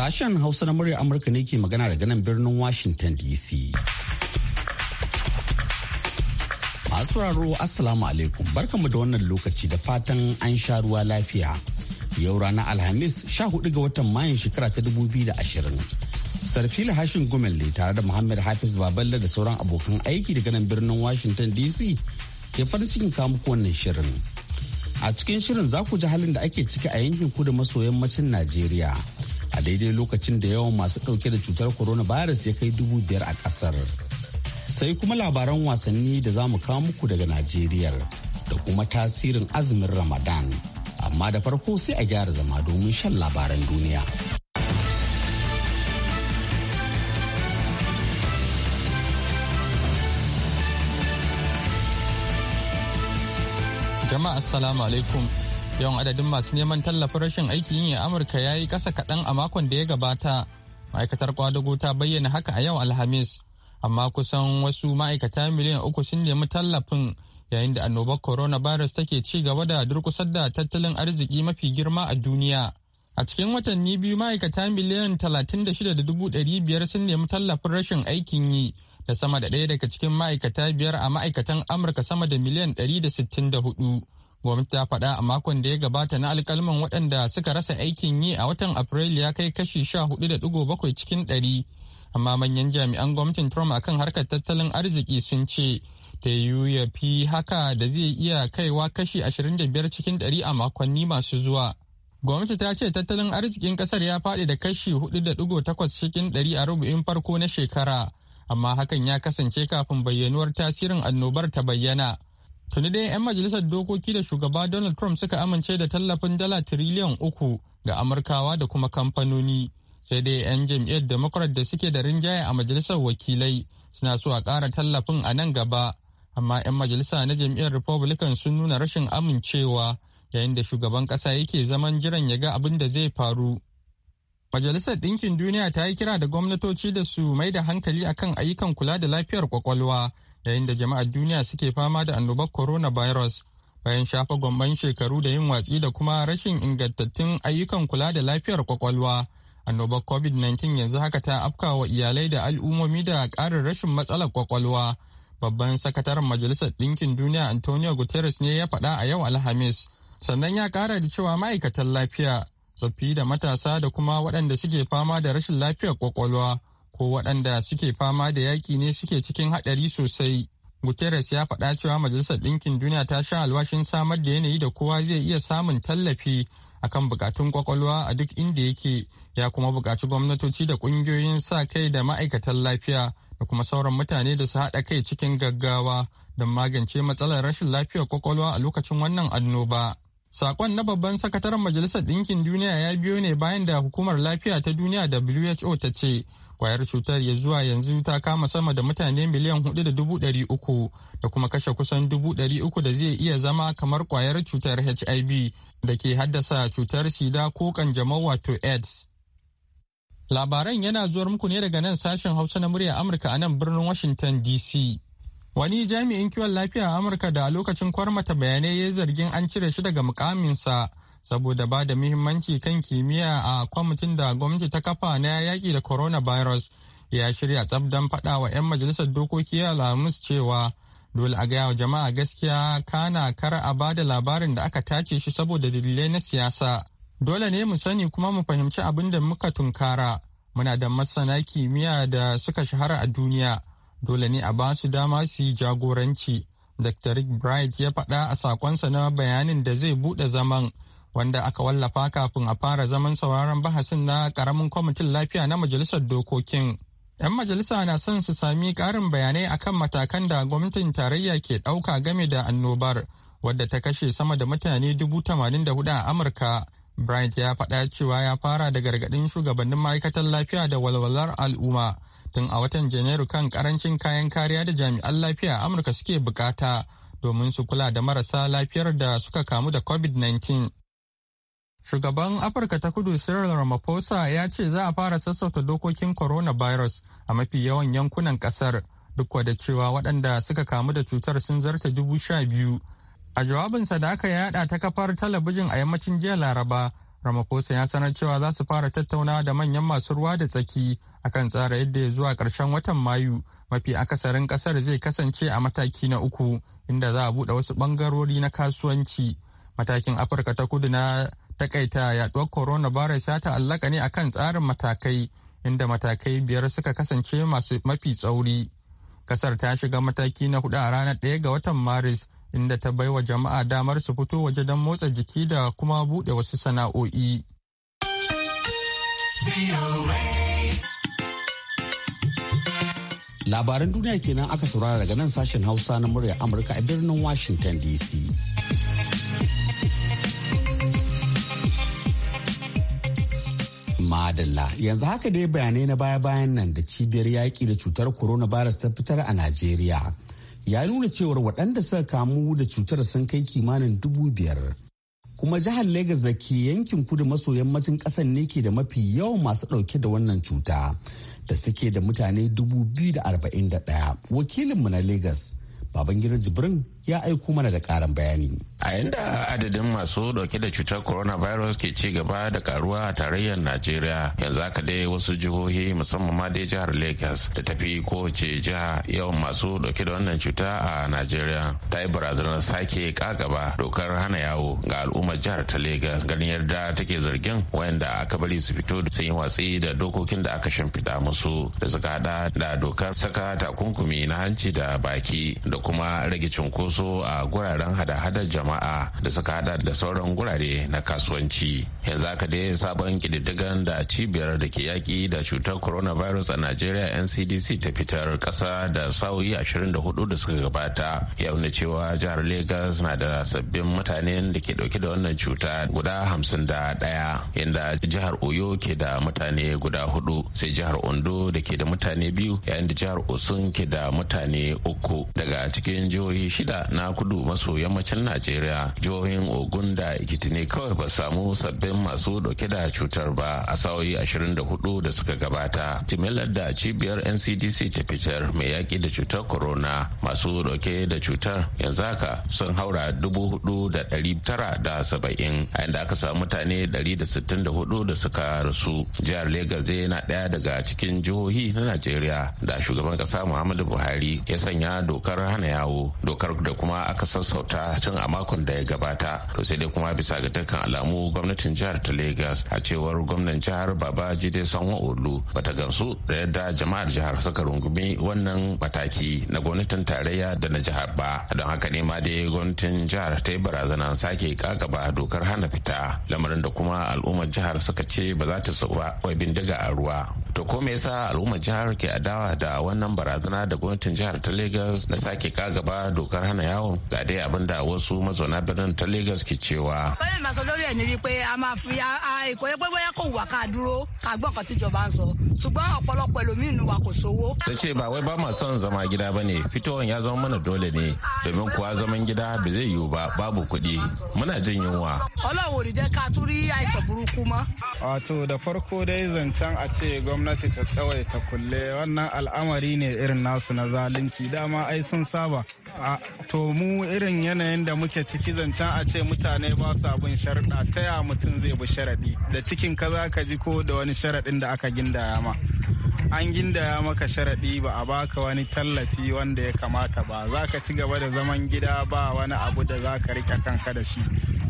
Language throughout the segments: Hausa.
Sashen Hausa na muryar Amurka ne ke magana daga nan birnin Washington DC. Masu raro Assalamu alaikum barkanmu da wannan lokaci da fatan an sha ruwa lafiya. Yau ranar Alhamis 14 ga watan Mayun shekara ta 2020. sarfila hashin gumel ne tare da muhammad hafiz baballe da sauran abokan aiki daga nan birnin washington dc ke farin cikin muku wannan shirin a cikin shirin za ku ji halin da ake ciki a yankin kudu maso yammacin najeriya a daidai lokacin da yawan masu ɗauke da cutar coronavirus ya kai dubu biyar a ƙasar. Sai kuma labaran wasanni da za mu kawo muku daga Najeriya da kuma tasirin azumin Ramadan. Amma da farko sai a gyara zama domin shan labaran duniya. Jama'a Assalamu alaikum. yawan adadin masu neman tallafin rashin aikin yi a amurka ya yi ƙasa kaɗan a makon da ya gabata ma'aikatar kwadago ta bayyana haka a yau alhamis amma kusan wasu ma'aikata miliyan uku sun nemi tallafin yayin da annobar coronavirus take ci gaba da durkusar da tattalin arziki mafi girma a duniya a cikin watanni biyu ma'aikata miliyan talatin da da shida dubu biyar sun nemi tallafin rashin aikin yi da sama da ɗaya daga cikin ma'aikata biyar a ma'aikatan amurka sama da miliyan da da sittin hudu. gwamnati ta faɗa a makon da ya gabata na alkalman waɗanda suka rasa aikin yi a watan Afrilu ya kai kashi sha hudu da digo bakwai cikin ɗari. Amma manyan jami'an gwamnatin Trump akan harkar tattalin arziki sun ce ta ya fi haka da zai iya kaiwa kashi ashirin da biyar cikin ɗari a makonni masu zuwa. Gwamnati ta ce tattalin arzikin ƙasar ya faɗi da kashi hudu da digo takwas cikin ɗari a rubu'in farko na shekara. Amma hakan ya kasance kafin bayyanuwar tasirin annobar ta bayyana. Tuni dai 'yan majalisar dokoki da shugaba Donald Trump suka amince da tallafin dala tiriliyan uku ga Amurkawa da kuma kamfanoni. Sai dai 'yan jam'iyyar Democrat da suke da rinjaye a majalisar wakilai suna so a kara tallafin a nan gaba. Amma 'yan majalisa na jam'iyyar Republican sun nuna rashin amincewa yayin da shugaban ƙasa yake zaman jiran ya ga abin da zai faru. Majalisar Ɗinkin Duniya ta yi kira da gwamnatoci da su mai da hankali akan ayyukan kula da lafiyar kwakwalwa yayin da jama'ar duniya suke fama da annobar coronavirus bayan shafa gwamban shekaru da yin watsi da kuma rashin ingantattun ayyukan kula da lafiyar kwakwalwa annobar covid-19 yanzu haka ta afkawa iyalai da al'ummomi da ƙarin rashin matsalar kwakwalwa babban sakataren majalisar ɗinkin duniya antonio guterres ne ya faɗa a yau alhamis sannan ya kara da cewa ma'aikatan lafiya tsoffi da matasa da kuma waɗanda suke fama da rashin lafiyar kwakwalwa ko waɗanda suke fama da yaƙi ne suke cikin haɗari sosai. Guterres ya faɗa cewa Majalisar Ɗinkin Duniya ta sha alwashin samar da yanayi da kowa zai iya samun tallafi akan bukatun kwakwalwa a duk inda yake ya kuma buƙaci gwamnatoci da ƙungiyoyin sa kai da ma'aikatan lafiya da kuma sauran mutane da su haɗa kai cikin gaggawa don magance matsalar rashin lafiyar kwakwalwa a lokacin wannan annoba. Sakon na babban sakataren Majalisar Ɗinkin Duniya ya biyo ne bayan da Hukumar Lafiya ta Duniya WHO ta ce kwayar cutar ya zuwa yanzu ta kama sama da mutane miliyan hudu da dubu ɗari uku da kuma kashe kusan dubu ɗari uku da zai iya zama kamar kwayar cutar hiv da ke haddasa cutar sida ko kanjamau wato aids labaran yana zuwar muku ne daga nan sashen hausa na murya amurka a nan birnin washington dc wani jami'in kiwon lafiya a amurka da a lokacin kwarmata bayanai ya zargin an cire shi daga mukaminsa saboda ba da muhimmanci kan kimiyya a kwamitin da gwamnati ta kafa na yaƙi da coronavirus ya shirya tsab don faɗa wa 'yan majalisar dokoki lamus cewa dole a gaya wa jama'a gaskiya kana kar a ba da labarin da aka tace shi saboda dalilai na siyasa dole ne mu sani kuma mu fahimci abin da muka tunkara muna da masana kimiyya da suka shahara a duniya dole ne a ba su dama su yi jagoranci dr rick bright ya faɗa a sakonsa na bayanin da zai buɗe zaman wanda aka wallafa kafin a fara zaman sauraron bahasin na karamin kwamitin lafiya na majalisar dokokin. 'Yan majalisa na son su sami ƙarin bayanai akan matakan da gwamnatin tarayya ke ɗauka game da annobar, wadda ta kashe sama da mutane dubu tamanin da hudu a Amurka. Bryant ya faɗa cewa ya fara da gargaɗin shugabannin ma'aikatan lafiya da walwalar al'umma tun a watan Janairu kan ƙarancin kayan kariya da jami'an lafiya a Amurka suke bukata domin su kula da marasa lafiyar da suka kamu da COVID-19. Shugaban Afirka ta kudu Cyril Ramaphosa ya ce za a fara sassauta dokokin coronavirus a mafi yawan yankunan kasar duk da cewa waɗanda suka kamu da cutar sun zarta dubu sha biyu. A jawabinsa da aka yada ta kafar talabijin a yammacin jiya Laraba, Ramaphosa ya sanar cewa za su fara tattaunawa da manyan masu ruwa da tsaki akan tsara yadda ya zuwa ƙarshen watan Mayu mafi akasarin ƙasar zai kasance a mataki na uku inda za a buɗe wasu ɓangarori na kasuwanci. Matakin Afirka ta kudu na Takaita yaduwar coronavirus ya ta'allaka ne akan tsarin matakai inda matakai biyar suka kasance masu mafi tsauri. Kasar ta shiga mataki na hudu a ranar ɗaya ga watan Maris inda ta baiwa jama'a damar su fito waje don motsa jiki da kuma buɗe wasu sana'o'i. Labaran duniya kenan aka saurara daga nan sashen Hausa na murya Amurka a birnin Washington DC. madalla yanzu haka dai bayanai na baya-bayan nan da cibiyar yaƙi da cutar coronavirus ta fitar a najeriya ya nuna cewar waɗanda suka kamu da cutar sun kai kimanin dubu biyar kuma jihar Legas da ke yankin kudu maso yammacin ƙasar ne ke da mafi yawan masu ɗauke da wannan cuta da suke da mutane dubu biyu da arba'in da ɗaya wakilinmu na Legas babangida jibrin ya aiko mana da karin bayani. A yadda adadin masu dauke da cutar coronavirus ke ci gaba da karuwa a tarayyar Najeriya yanzu haka dai wasu jihohi musamman ma dai jihar Lagos da tafi ko ce jiha yawan masu dauke da wannan cuta a Najeriya ta yi barazanar sake kagaba dokar hana yawo ga al'ummar jihar ta Lagos ganin yadda take zargin wayanda aka bari su fito sun yi watsi da dokokin da aka shimfiɗa musu da suka hada da dokar saka takunkumi na hanci da baki da kuma rage cunkoso su a guraren hada-hadar jama'a da suka hada da sauran gurare na kasuwanci yanzu aka dai sabon kididdigan da cibiyar da ke yaki da cutar coronavirus a Nigeria ncdc ta fitar kasa da sa'o'i 24 da suka gabata ya nuna cewa jihar Legas na da sabbin mutanen da ke ɗauke da wannan cuta guda hamsin da ɗaya. inda jihar oyo ke da mutane guda hudu sai jihar ondo da ke da mutane biyu yayin da jihar osun ke da mutane uku daga cikin jihohi shida na kudu maso yammacin najeriya jihohin ogun da ikiti ne kawai ba samu sabbin masu dauke da cutar ba a sa'o'i 24 da suka gabata jimillar da cibiyar ncdc ta fitar mai yaƙi da cutar corona masu dauke da cutar yanzu haka sun haura 4,970 a inda aka samu mutane 164 da suka rasu jihar legas zai na daya daga cikin jihohi na najeriya da shugaban kasa muhammadu buhari ya sanya dokar hana yawo dokar da kuma aka sassauta tun a makon da ya gabata to sai dai kuma bisa ga dukkan alamu gwamnatin jihar ta lagos a cewar gwamnan jihar baba jide sanwa olu bata gamsu da yadda jama'ar jihar suka rungumi wannan mataki na gwamnatin tarayya da na jihar ba don haka ne ma dai gwamnatin jihar ta yi barazanar sake kakaba dokar hana fita lamarin da kuma al'ummar jihar suka ce ba za ta sauwa wai bindiga a ruwa to ko me yasa al'ummar jihar ke adawa da wannan barazana da gwamnatin jihar ta lagos na sake kagaba dokar hana hana yawon ga dai abin da wasu mazauna birnin ta lagos ke cewa. a ta ce ba wai ba ma son zama gida ba ne fitowar ya zama mana dole ne domin kuwa zaman gida ba zai yiwu ba babu kuɗi muna jin yunwa. wato da farko dai zancen a ce gwamnati ta ta kulle wannan al'amari ne irin nasu na zalunci dama ai sun saba to mu irin yanayin da muke ciki zancen a ce mutane ba su abin sharaɗa ta ya mutum zai bi sharaɗi da cikin ka za ka ji ko da wani sharaɗin da aka gindaya ma an gindaya maka sharaɗi ba a baka wani tallafi wanda ya kamata ba za ka ci gaba da zaman gida ba wani abu da za ka rike kanka da shi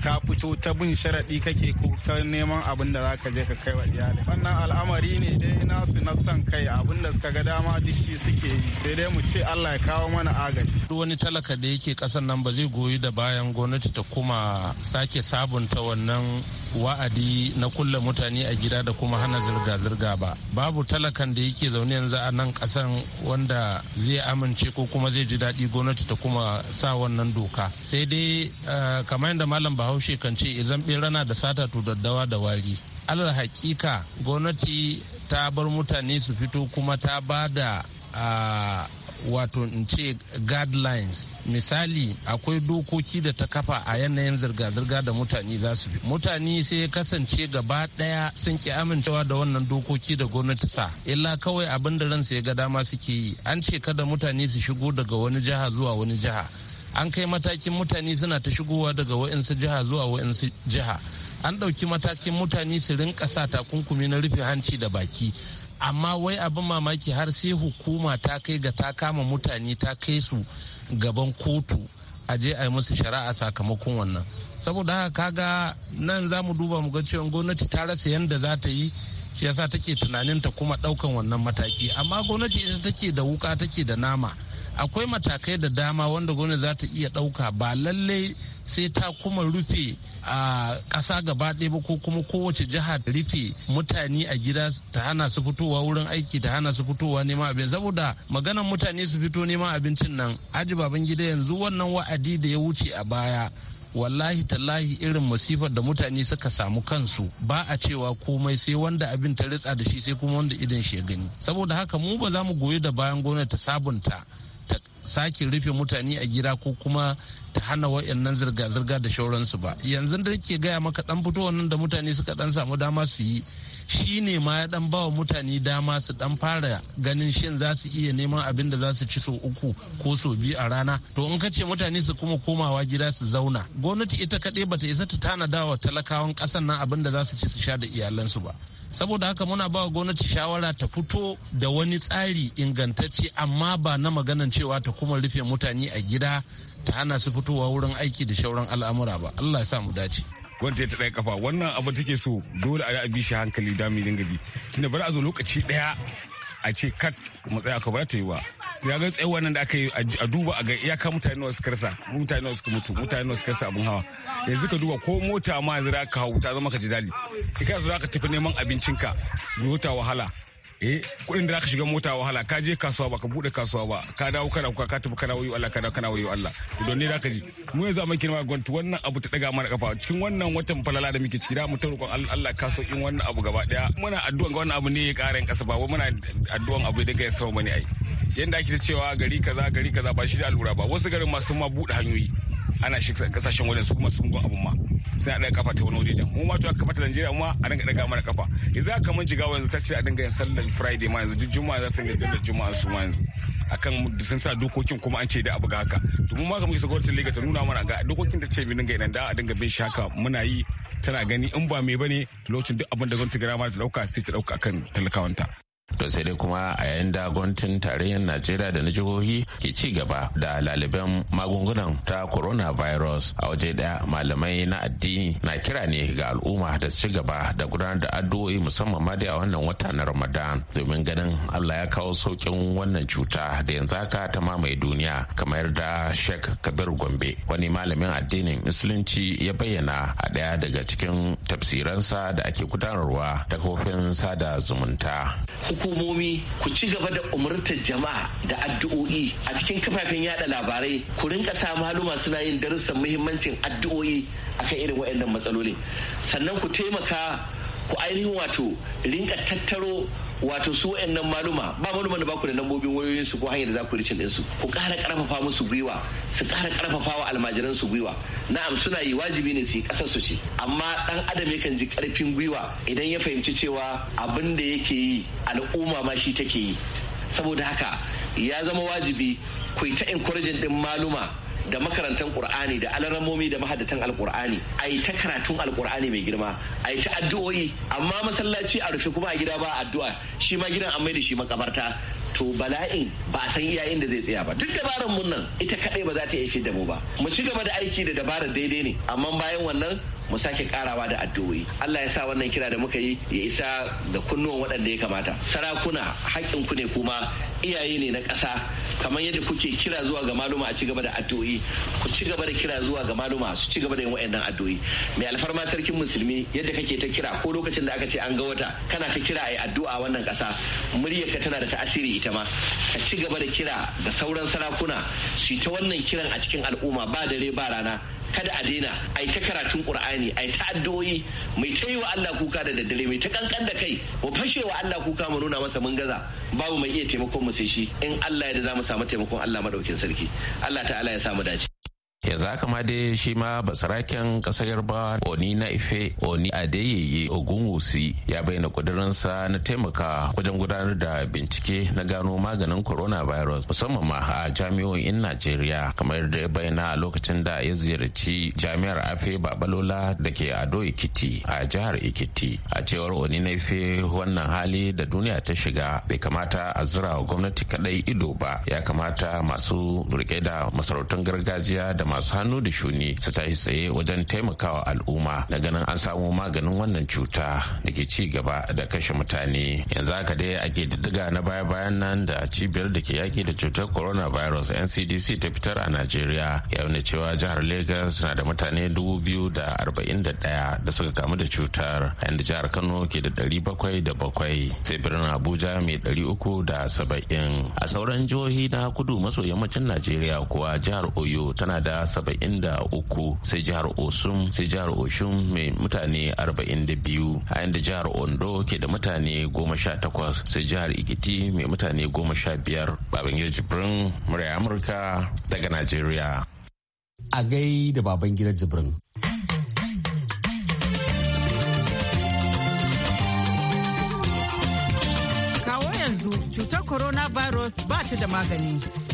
ka fito ta bin sharaɗi kake ko ka neman abin da za ka je ka kai wa iyali wannan al'amari ne dai nasu na son kai abin da suka ga dama duk shi suke yi sai dai mu ce Allah ya kawo mana agaji wani talaka da yake kasan nan ba zai goyi da bayan gwamnati ta kuma sake sabunta wannan wa'adi na kulle mutane a gida da kuma hana zirga-zirga ba babu talakan da yake zaune yanzu a nan kasan wanda zai amince ko kuma zai ji daɗi gwamnati ta kuma sa wannan doka sai dai eh, kamar yadda malam bahaushe kan ce idan rana da sata to daddawa da wari alal hakika gwamnati ta bar mutane su fito kuma ta ba da ah, wato in ce guidelines misali akwai dokoki da ta kafa a yanayin zirga-zirga da mutane za su bi mutane sai kasance gaba daya sun ki amincewa da wannan dokoki da gwamnati sa illa kawai abin da ransa ya ga dama suke yi an ce kada mutane su shigo daga wani jiha zuwa wani jiha an kai matakin mutane suna ta shigowa daga wa'insu jiha zuwa wa'insu jiha an ɗauki matakin mutane su rinka sa takunkumi na rufe hanci da baki amma wai abin mamaki har sai hukuma ta kai ga ta kama mutane ta kai su gaban kotu a je a yi musu shari'a sakamakon wannan saboda haka kaga nan za mu duba mu ga cewa gwamnati ta rasa yadda za ta yi shi yasa take tunanin ta kuma daukan wannan mataki amma gwamnati ita take da wuka take da nama akwai matakai da dama wanda gwamnati za ta iya ɗauka ba lallai sai ta kuma rufe a ƙasa gaba ɗaya ba ko kuma kowace jiha ta rufe mutane a gida ta hana su fitowa wurin aiki ta hana su fitowa neman abin saboda maganan mutane su fito neman abincin nan aji baban gida yanzu wannan wa'adi da ya wuce a baya wallahi tallahi irin masifar da mutane suka samu kansu ba a cewa komai sai wanda abin ta ritsa da shi sai kuma wanda idan shi ya gani saboda haka mu ba za mu goyi da bayan gwamnati ta sabunta ta sake rufe mutane a gida ko kuma ta hana wayannan zirga-zirga da shauransu ba yanzu da ke gaya maka dan fito wannan da mutane suka dan samu dama su yi shi ne ma ya dan bawa mutane dama su dan fara ganin shin za su iya neman abin da za su ci so uku ko so biyu a rana to in ka ce mutane su kuma komawa gida su zauna gwamnati ita kaɗai bata isa ta tanadawa talakawan ƙasan nan abin da za su ci su sha da iyalansu ba saboda haka muna ba gwamnati shawara ta fito da wani tsari ingantacce amma ba na maganan cewa ta kuma rufe mutane a gida ta hana su fitowa wurin aiki da shauran al'amura ba allah ya sa mu dace wanda ta ɗaya kafa wannan abu take so dole a bi shi hankali da gabi dinga bi tunda bari a zo lokaci ɗaya a ce kat mu tsaya ka ba ta yi ba. ya ga tsaye wannan da aka yi a duba a ga iyaka mutane nawa suka rasa mutane nawa suka mutu mutane nawa suka rasa abun hawa yanzu ka duba ko mota ma yanzu da aka hau ta zama ka ji dali kai ka zo ka tafi neman abincinka mota wahala eh kudin da zaka shiga mota wahala ka je kasuwa ba ka bude kasuwa ba ka dawo kana kuka ka tafi kana wayo Allah ka dawo kana wayo Allah don ne zaka ji mu yanzu amma kirma gwantu wannan abu ta daga mana kafa cikin wannan watan falala da muke ciki da mu ta Allah ka sauƙin wannan abu gaba daya muna addu'an ga wannan abu ne ya ƙara kasa ƙasa ba muna addu'an abu da ga ya samu ne ai yanda ake cewa gari kaza gari kaza ba shi da alura ba wasu garin ma sun ma buɗe hanyoyi ana shi kasashen wajen su kuma sun go abun ma suna ɗaga kafa ta wani wajen mu ma to kafa ta Najeriya ma a dinga ɗaga mana kafa yanzu aka mun jigawa yanzu ta ce a dinga yin sallar Friday ma yanzu juma'a za su dinga yin juma'a su ma yanzu akan sun sa dokokin kuma an ce da abu ga haka domin ma kamar isa gwamnatin liga ta nuna mana ga dokokin ta ce mu dinga idan da a dinga bin shaka muna yi tana gani in ba mai bane lokacin duk abin da gwamnati gara ma ta dauka sai ta dauka akan talakawanta to sai dai kuma a yayin da gwamnatin tarayyar najeriya da na jihohi ke ci gaba da laliban magungunan ta coronavirus a waje daya malamai na addini na kira ne ga al'umma da su ci gaba da gudanar da addu'o'i musamman ma da a wannan wata na ramadan domin ganin allah ya kawo saukin wannan cuta da yanzu haka ta mamaye duniya kamar da sheikh kabir gombe wani malamin addinin musulunci ya bayyana a daya daga cikin tafsiransa da ake gudanarwa ta kofin sada zumunta hukumomi ku ci gaba da umurtar jama'a da addu'o'i a cikin kafafen yada labarai ku rinka sa maluma suna yin darussan muhimmancin addu'o'i akan irin waɗannan matsaloli sannan ku taimaka ku ainihin wato rinka tattaro wato su wayannan maluma ba maluma da baku da lambobin wayoyin su ko hanyar da za ku rice su ku kara karfafa musu gwiwa su kara ƙarfafa wa almajiran su gwiwa na'am suna yi wajibi ne su yi ƙasar su ce amma ɗan adam yakan ji karfin gwiwa idan ya fahimci cewa abin da yake yi al'umma ma shi take yi saboda haka ya zama wajibi ku ta encouraging din maluma da makarantar qur'ani da alaramomi da mahaddatan alqur'ani a yi ta karatun alqur'ani mai girma a yi ta addu'o'i amma masallaci a rufe kuma a gida ba addu'a shi ma gidan an da shi makabarta to bala'in ba a san iyayen da zai tsaya ba duk dabarar mun nan ita kadai ba za ta iya da mu ba mu ci gaba da aiki da dabarar daidai ne amma bayan wannan mu sake karawa da addu'o'i Allah ya sa wannan kira da muka yi ya isa ga kunnuwan waɗanda ya kamata sarakuna haƙƙin ku ne kuma iyaye ne na ƙasa kamar yadda kuke kira zuwa ga maluma a ci gaba da addu'o'i ku ci da kira zuwa ga maluma su ci gaba da yin waɗannan addu'o'i mai alfarma sarkin musulmi yadda kake ta kira ko lokacin da aka ce an ga wata kana ta kira a yi addu'a wannan ƙasa muryarka tana da ta'asiri ita ma ka ci gaba da kira ga sauran sarakuna su yi ta wannan kiran a cikin al'umma ba dare ba rana kada a daina a yi ta karatun qur'ani yi ta addu'o'i mai ta yi wa Allah kuka da daddare mai ta kankan da kai mu fashe wa Allah kuka mu nuna masa mun gaza babu mai iya taimakon mu sai shi in Allah ya da za mu samu taimakon Allah madaukin sarki Allah ta'ala ya samu dace Ya za kama dai shi ma basaraken kasar yarbawa oni na ife oni adeyeye ogunwusi ya bayyana kudurinsa na taimaka wajen gudanar da bincike na gano maganin coronavirus musamman ma a jami'o'in najeriya kamar da ya bayyana a lokacin da ya ziyarci jami'ar afe babalola da ke ado ikiti a jihar ikiti a cewar oni na ife wannan hali da duniya ta shiga bai kamata a zira wa gwamnati kadai ido ba ya kamata masu rike da masarautun gargajiya da masu hannu da shuni su tashi tsaye wajen taimakawa al'umma na ganin an samu maganin wannan cuta da ke ci gaba da kashe mutane yanzu haka dai ake diddiga na baya bayan nan da cibiyar da ke yaki da cutar coronavirus ncdc ta fitar a najeriya ya nuna cewa jihar lagos na da mutane dubu biyu da arba'in da ɗaya da suka kamu da cutar yadda jihar kano ke da ɗari bakwai da bakwai sai birnin abuja mai ɗari uku da saba'in a sauran jihohi na kudu maso yammacin najeriya kuwa jihar oyo tana da saba'in da uku sai jihar osun sai jihar oshun mai mutane arba'in da biyu a yadda jihar ondo ke da mutane goma sha takwas sai jihar ikiti mai mutane goma sha biyar babangida jibrin murya amurka daga nigeria a gai da babangida jibrin yanzu cutar coronavirus ba ta da magani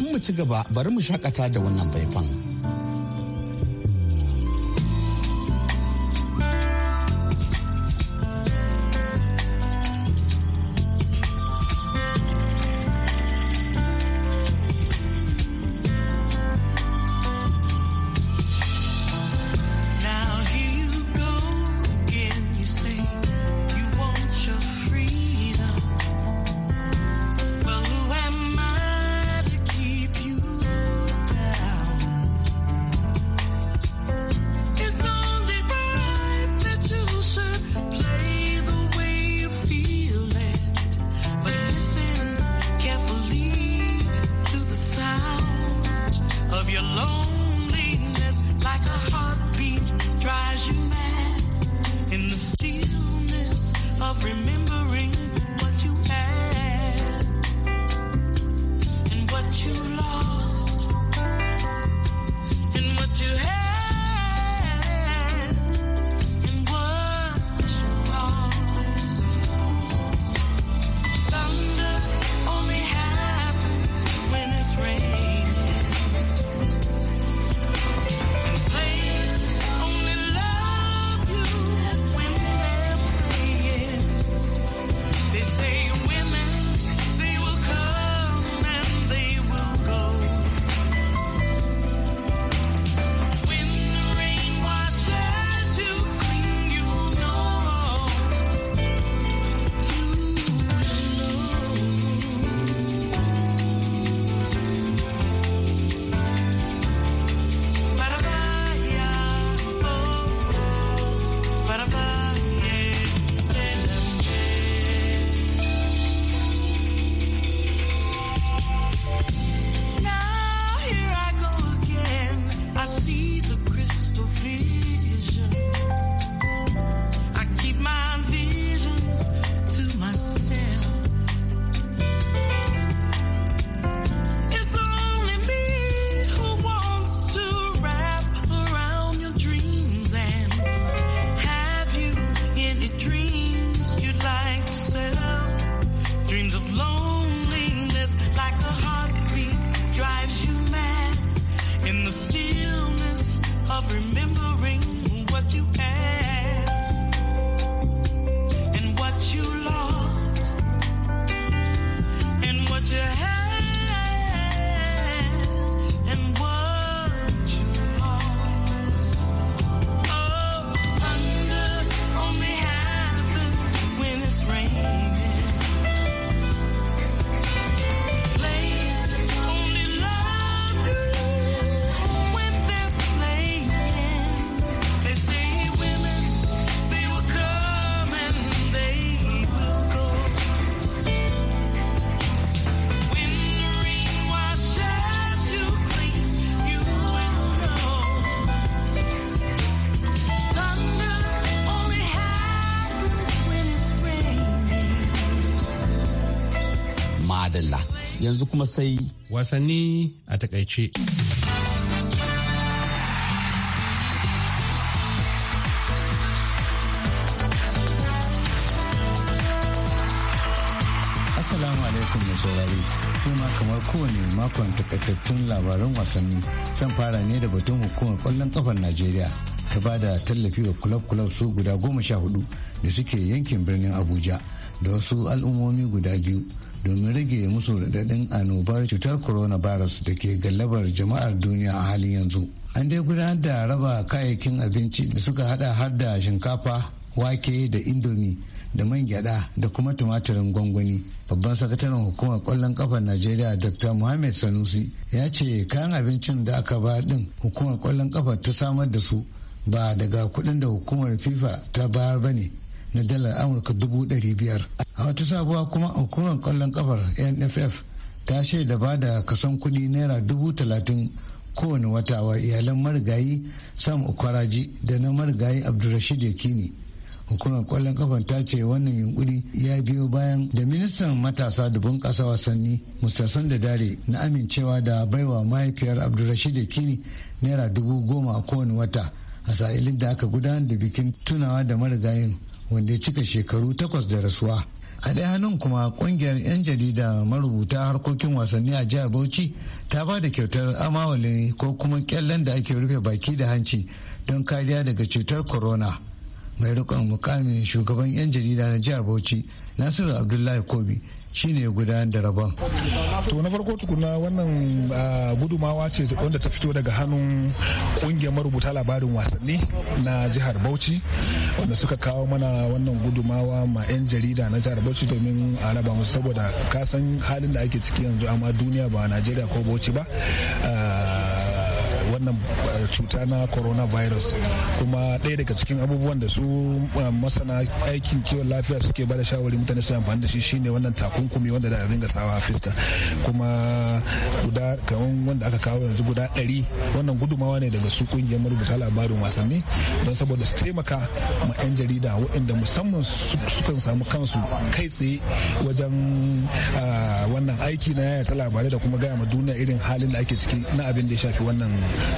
kafin mu ci gaba bari mu shakata da wannan faifan. you love. yanzu kuma sai wasanni a takaice Asalamu alaikum mai saurari. Kuma kamar kowane makon takaitattun labaran wasanni zan fara ne da batun hukumar kwallon kafar Najeriya ta ba da tallafi wa kulab-kulab su guda goma sha hudu da suke yankin birnin Abuja da wasu al'ummomi guda biyu domin rage musu radadin annobar cutar coronavirus da ke gallabar jama'ar duniya a halin yanzu an dai gudanar da raba kayayyakin abinci da suka hada har da shinkafa wake da indomi da man gyada da kuma tumatirin gwangwani babban sakataren hukumar kwallon kafar najeriya dr muhammad sanusi ya ce kayan abincin da aka ba din hukumar kwallon kafar ta samar da su ba daga kuɗin da hukumar fifa ta bayar ba ne na dalar amurka dubu ɗari biyar a wata sabuwa kuma hukumar kwallon kafar nff ta shaida ba da kason kuɗi naira dubu talatin kowane wata wa iyalan marigayi sam ukwaraji da na marigayi abdulrashid yakini hukumar kwallon kafar ta ce wannan yunkuri ya biyo bayan da ministan matasa da bunƙasa wasanni mustasan da dare na amincewa da baiwa mahaifiyar abdulrashid yakini naira dubu goma a kowane wata a sa'ilin da aka gudanar da bikin tunawa da marigayin wanda ya cika shekaru takwas da rasuwa a ɗaya hannun kuma kungiyar 'yan jarida marubuta harkokin wasanni a jihar bauchi ta ba da kyautar amawali ko kuma kyallen da ake rufe baki da hanci don kariya daga cutar corona mai rikon mukamin shugaban 'yan jarida na jihar bauchi nasiru abdullahi kobi shine ya gudanar da rabon. To na farko tukuna wannan ah, gudumawa ce wanda ta fito daga hannun kungiyar marubuta labarin wasanni na jihar Bauchi wanda suka kawo mana wannan gudumawa ma 'yan jarida na jihar Bauchi domin a raba musu saboda kasan halin da ake ciki yanzu amma duniya ba Najeriya ko Bauchi ba. Ah, wannan eh, cuta na coronavirus kuma ɗaya daga cikin abubuwan da su eh, masana aikin kiwon lafiya suke ba da shawari mutane su amfani da shi shine wannan takunkumi wanda da dinga sawa a fiska kuma guda kamar wanda aka kawo yanzu guda ɗari wannan gudumawa ne daga su kungiyar marubuta labarin wasanni don saboda su taimaka ma 'yan jarida waɗanda musamman sukan samu kansu kai tsaye wajen ah, wannan aiki na yaya ta labarai da kuma gaya ma duniya irin halin da ake ciki na abin da ya shafi wannan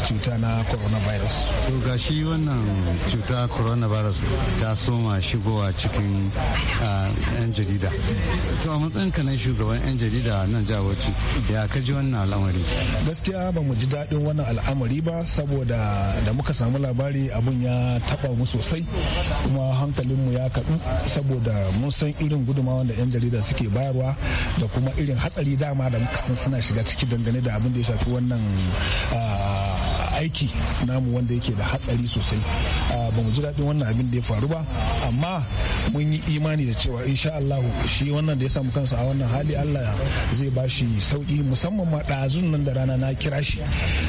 cuta na coronavirus. To ga wannan cuta coronavirus ta soma shigowa cikin 'yan jarida. To a matsayinka na shugaban 'yan jarida nan jawoci ya kaji wannan al'amari. Gaskiya ba mu ji daɗin wannan al'amari ba saboda da muka samu labari abun ya taɓa mu sosai kuma hankalinmu ya kaɗu saboda mun san irin gudumawan da 'yan jarida suke bayarwa da kuma irin hatsari dama da muka san suna shiga ciki dangane da abin da ya shafi wannan aiki namu wanda yake da hatsari sosai ba mu ji daɗin wannan abin da ya faru ba amma mun yi imani da cewa insha Allah shi wannan da ya samu kansa a wannan hali Allah zai ba shi sauki musamman ma ɗazun nan da rana na kira shi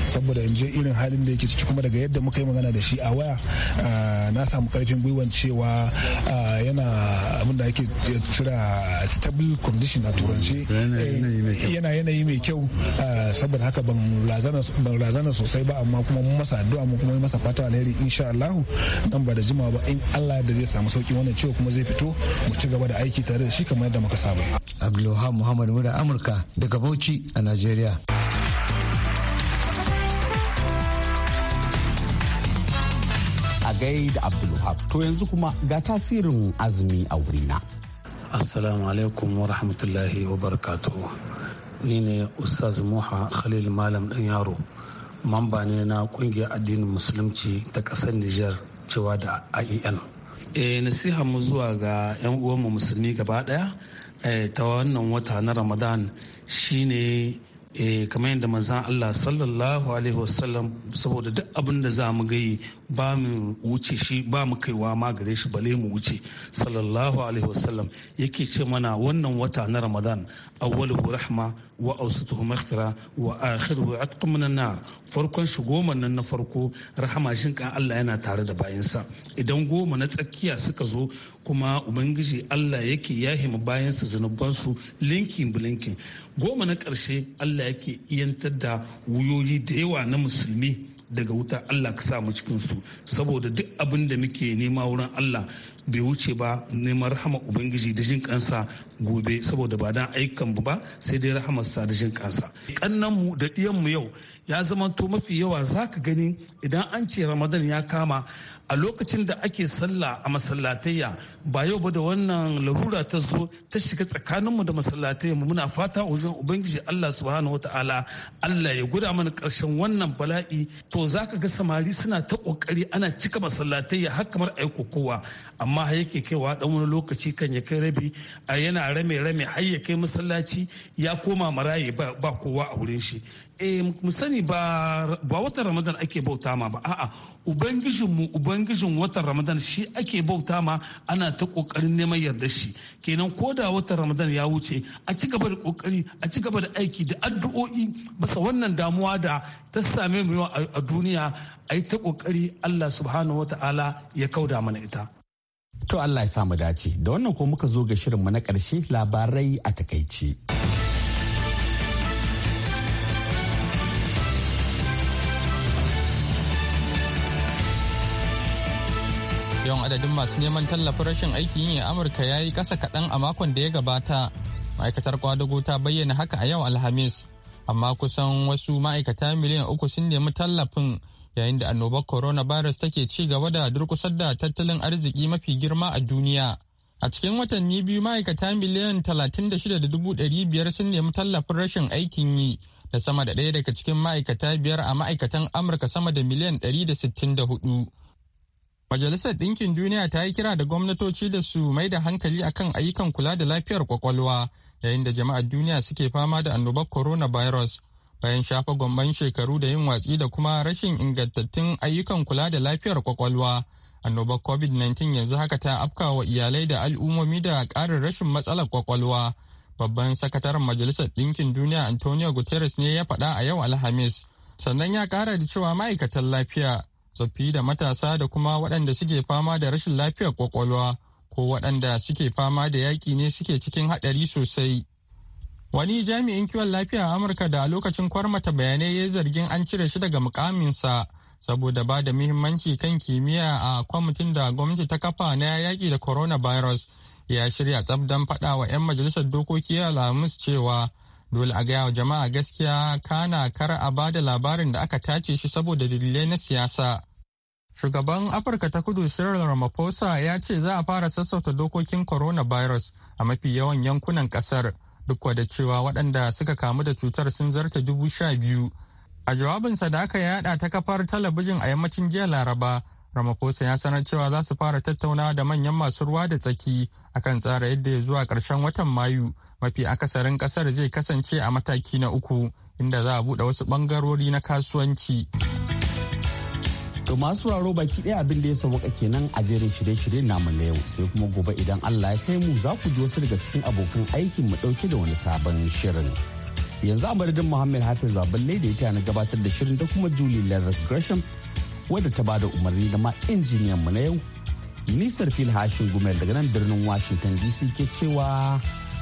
saboda in je irin halin da yake ciki kuma daga yadda muka yi magana da shi a waya na samu karfin gwiwan cewa yana abin da ake cira stable condition a turanci yana yanayi mai kyau saboda haka ban razana sosai ba amma kuma mun masa addu'a mun kuma yi masa fata alheri insha Allah dan ba da jima ba in Allah da zai samu sauki wannan ciwo kuma zai fito mu ci gaba da aiki tare da shi kamar yadda muka saba Abdulwahab Muhammad Mura Amurka daga Bauchi a Najeriya a gaida Abdulwahab to yanzu kuma ga tasirin azumi a wurina Assalamu alaikum wa rahmatullahi wa barakatuh ni ne Ustaz Muha Khalil Malam ɗan yaro mamba ne na kungiyar addinin musulunci ta ƙasar Nijar cewa da IEN. E, eh, nasiha mu zuwa ga 'yan uwanmu musulmi gaba ɗaya eh, ta wannan wata na Ramadan shine e, kamar yadda manzan Allah sallallahu alaihi wasallam saboda duk abin da za mu gayi ba mu wuce shi ba mu kaiwa ma gare shi bale mu wuce sallallahu alaihi wasallam yake ce mana wannan wata na ramadan awwaluhu rahma wa awsatuhu maghfira wa akhiruhu atqun minan nar farkon shi goma nan na farko rahama shin kan Allah yana tare da bayansa idan goma na tsakiya suka zo kuma ubangiji Allah yake yahi mu bayansa zunubansu linkin bilinkin goma na karshe Allah yake iyantar da wuyoyi da yawa na musulmi daga wuta Allah ka sa mu cikin su saboda duk abin da muke nema wurin Allah bai wuce ba neman rahama ubangiji da jin kansa gobe saboda ba dan aikan mu ba sai dai rahamar da kansa kannan mu da ɗiyan mu yau ya zama to mafi yawa zaka gani idan an ce ramadan ya kama a lokacin da ake sallah a masallatayya ba yau ba da wannan larura ta zo ta shiga tsakanin mu da masallatayya mu muna fata wajen ubangiji allah subhanahu wataala allah ya guda mana karshen wannan bala'i to zaka ga samari suna ta kokari ana cika masallatayya har kamar aiko kowa amma yake kaiwa dan wani lokaci kan ya kai rabi a yana rame-rame har ya kai masallaci ya koma maraye ba kowa a wurin shi eh, mu sani ba watan ramadan ake bauta ma ba a'a ubangijin mu ubangijin watan ramadan shi ake bauta ma ana ta kokarin neman yarda shi kenan ko da watan ramadan ya wuce a ci gaba da kokari a ci gaba da aiki da addu'o'i basa wannan damuwa da ta same mu a duniya ai ta kokari Allah subhanahu wata'ala ya kauda mana ita To Allah ya samu dace. Da wannan ko muka zo ga shirin mu na karshe labarai a takaici. Yawan adadin masu neman tallafin rashin aikin yi a Amurka ya yi ƙasa kaɗan a makon da ya gabata. Ma'aikatar kwadago ta bayyana haka a yau Alhamis, amma kusan wasu ma'aikata miliyan uku sun nemi tallafin yayin da annobar coronavirus take ci gaba da durkusar da tattalin arziki mafi girma a duniya a cikin watanni biyu ma'aikata miliyan shida ɗari biyar sun nemi tallafin rashin aikin yi da sama da ɗaya daga cikin ma'aikata biyar a ma'aikatan amurka sama da miliyan ɗari da da sittin hudu. majalisar ɗinkin duniya ta yi kira da gwamnatoci da su mai da hankali akan ayyukan kula da lafiyar kwakwalwa yayin da jama'ar duniya suke fama da annobar coronavirus bayan shafa gwamban shekaru da yin watsi da kuma rashin ingantattun ayyukan kula da lafiyar kwakwalwa annobar covid-19 yanzu haka ta afkawa iyalai da al'ummomi da ƙarin rashin matsalar kwakwalwa babban sakataren majalisar ɗinkin duniya antonio guterres ne ya faɗa a yau alhamis sannan ya ƙara da cewa ma'aikatan lafiya tsoffi da matasa da kuma waɗanda suke fama da rashin lafiyar kwakwalwa ko waɗanda suke fama da yaƙi ne suke cikin haɗari sosai Wani jami'in kiwon lafiya a Amurka da a lokacin kwarmata bayanai ya zargin an cire shi daga mukaminsa saboda ba da muhimmanci kan kimiyya a kwamitin da gwamnati ta kafa na yaƙi da coronavirus ya shirya tsab don faɗa wa 'yan majalisar dokoki lamus cewa dole a gaya wa jama'a gaskiya kana kar a ba da labarin da aka tace shi saboda dalilai na siyasa. Shugaban Afirka ta kudu Cyril Ramaphosa ya ce za a fara sassauta dokokin coronavirus a mafi yawan yankunan kasar duk da cewa waɗanda suka kamu da cutar sun zarta dubu sha biyu a jawabinsa da aka yada ta kafar talabijin a yammacin jiya laraba ramaphosa ya sanar cewa za su fara tattaunawa da manyan masu ruwa da tsaki akan tsara yadda ya zuwa ƙarshen watan mayu mafi akasarin ƙasar zai kasance a mataki na uku inda za a buɗe wasu ɓangarori na kasuwanci. To masu raro baki ɗaya abin da ya sauka kenan a jerin shirye-shirye namu na yau sai kuma gobe idan Allah ya kai mu za ku ji wasu daga cikin abokan aikin mu ɗauke da wani sabon shirin. Yanzu a madadin Muhammad Hafiz ne da ya na gabatar da shirin da kuma Julie Lewis Gresham wadda ta ba da umarni da ma injiniyan mu na yau. Nisar fil hashin gumel daga nan birnin Washington DC ke cewa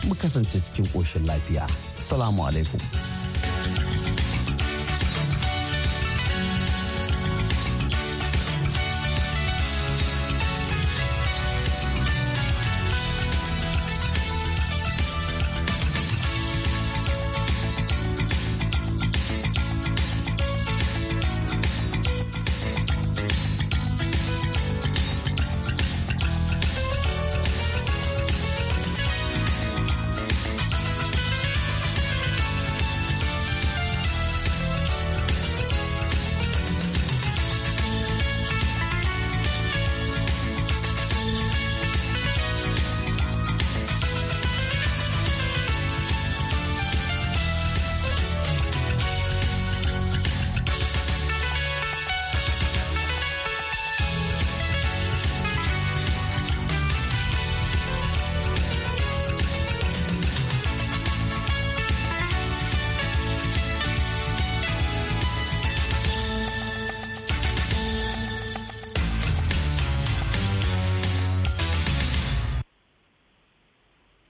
mu kasance cikin koshin lafiya. Salamu alaikum.